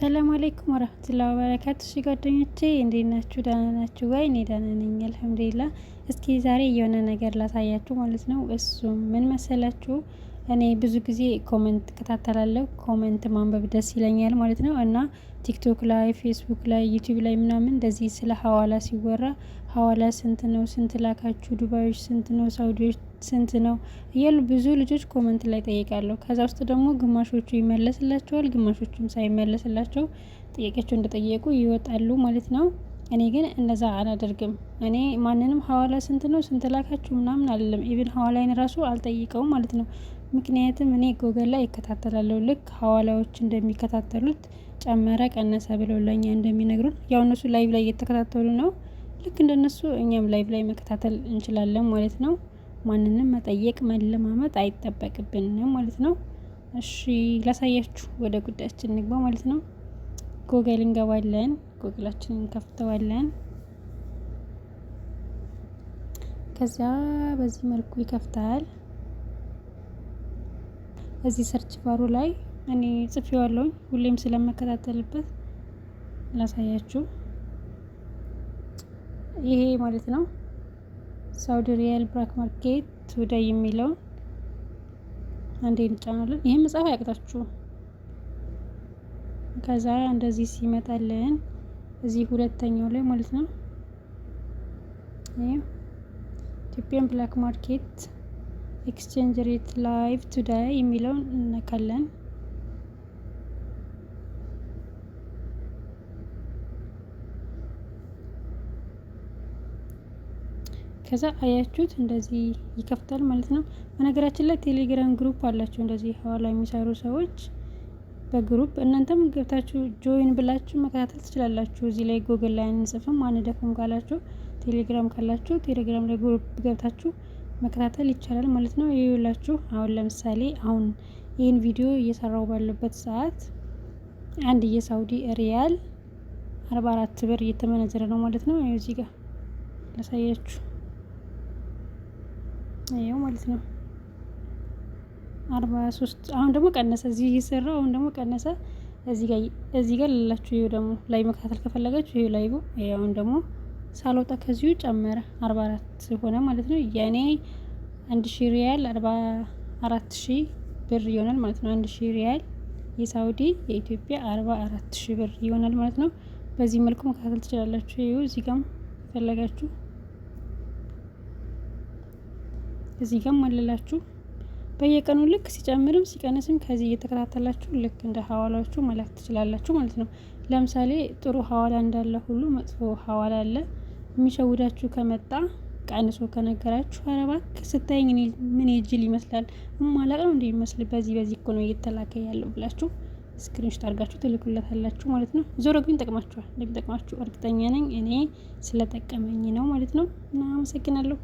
ሰላም አለይኩም ወረህመቱላሂ ወበረካቱ። እሺ ጓደኞቼ እንዴት ናችሁ? ደህና ናችሁ ወይ? እኔ ደህና ነኝ አልሐምዱሊላህ። እስኪ ዛሬ የሆነ ነገር ላሳያችሁ ማለት ነው። እሱ ምን መሰላችሁ እኔ ብዙ ጊዜ ኮመንት እከታተላለሁ። ኮመንት ማንበብ ደስ ይለኛል ማለት ነው እና ቲክቶክ ላይ፣ ፌስቡክ ላይ፣ ዩቲዩብ ላይ ምናምን እንደዚህ ስለ ሀዋላ ሲወራ ሀዋላ ስንት ነው? ስንት ላካችሁ? ዱባዮች ስንት ነው? ሳውዲዎች ስንት ነው? እያሉ ብዙ ልጆች ኮመንት ላይ ጠይቃለሁ። ከዛ ውስጥ ደግሞ ግማሾቹ ይመለስላቸዋል፣ ግማሾቹም ሳይመለስላቸው ጥያቄያቸው እንደጠየቁ ይወጣሉ ማለት ነው። እኔ ግን እንደዛ አላደርግም። እኔ ማንንም ሀዋላ ስንት ነው ስንት ላካችሁ ምናምን አለም ኢቭን ሀዋላይን ራሱ አልጠይቀውም ማለት ነው። ምክንያትም እኔ ጎገል ላይ ይከታተላለሁ። ልክ ሀዋላዎች እንደሚከታተሉት ጨመረ፣ ቀነሰ ብለው ለእኛ እንደሚነግሩን ያው እነሱ ላይቭ ላይ እየተከታተሉ ነው። ልክ እንደነሱ እኛም ላይቭ ላይ መከታተል እንችላለን ማለት ነው። ማንንም መጠየቅ መለማመጥ አይጠበቅብንም ማለት ነው። እሺ ላሳያችሁ፣ ወደ ጉዳያችን እንግባ ማለት ነው። ጎግል እንገባለን። ጎግላችንን እንከፍተዋለን። ከዛ በዚህ መልኩ ይከፍታል። እዚህ ሰርች ባሩ ላይ እኔ ጽፌዋለሁኝ ሁሌም ስለመከታተልበት ላሳያችሁ። ይሄ ማለት ነው ሳውዲ ሪያል ብላክ ማርኬት ቱዴይ የሚለውን አንዴ እንጫናለን። ይህም መጽሐፍ አያቅታችሁ ከዛ እንደዚህ ሲመጣልን እዚህ ሁለተኛው ላይ ማለት ነው ኢትዮጵያን ብላክ ማርኬት ኤክስቼንጅ ሬት ላይቭ ቱዳይ የሚለውን እነካለን። ከዛ አያችሁት እንደዚህ ይከፍታል ማለት ነው። በነገራችን ላይ ቴሌግራም ግሩፕ አላቸው እንደዚህ ኋላ የሚሰሩ ሰዎች በግሩፕ እናንተም ገብታችሁ ጆይን ብላችሁ መከታተል ትችላላችሁ። እዚህ ላይ ጉግል ላይ አንጽፍም አንደፍም ካላችሁ ቴሌግራም ካላችሁ ቴሌግራም ላይ ግሩፕ ገብታችሁ መከታተል ይቻላል ማለት ነው። ይኸውላችሁ አሁን ለምሳሌ አሁን ይህን ቪዲዮ እየሰራው ባለበት ሰዓት አንድ የሳውዲ ሪያል አርባ አራት ብር እየተመነዘረ ነው ማለት ነው። እዚህ ጋር ላሳያችሁ ይኸው ማለት ነው። አርባ ሶስት አሁን ደግሞ ቀነሰ። እዚህ እየሰራ አሁን ደግሞ ቀነሰ። እዚህ ጋር እዚህ ጋር ላላችሁ ይኸው ደግሞ ላይ መከታተል ከፈለጋችሁ ይኸው ላይ ነው። አሁን ደግሞ ሳልወጣ ከዚሁ ጨመረ አርባ አራት ሆነ ማለት ነው። የእኔ አንድ ሺ ሪያል አርባ አራት ሺ ብር ይሆናል ማለት ነው። አንድ ሺ ሪያል የሳውዲ የኢትዮጵያ አርባ አራት ሺ ብር ይሆናል ማለት ነው። በዚህ መልኩ መከታተል ትችላላችሁ። ይኸው እዚህ ጋም ፈለጋችሁ እዚህ ጋም አለላችሁ በየቀኑ ልክ ሲጨምርም ሲቀንስም ከዚህ እየተከታተላችሁ ልክ እንደ ሀዋላዎቹ መላክ ትችላላችሁ ማለት ነው። ለምሳሌ ጥሩ ሀዋላ እንዳለ ሁሉ መጥፎ ሀዋላ አለ። የሚሸውዳችሁ ከመጣ ቀንሶ ከነገራችሁ ኧረ እባክህ ስታይኝ ምን ጅል ይመስላል እማላቅ ነው ይመስል በዚህ በዚህ እኮ ነው እየተላከ ያለው ብላችሁ ስክሪንሽት አድርጋችሁ ትልኩለታላችሁ ማለት ነው። ዞሮ ግን ጠቅማችኋል። እንደሚጠቅማችሁ እርግጠኛ ነኝ። እኔ ስለጠቀመኝ ነው ማለት ነው እና አመሰግናለሁ።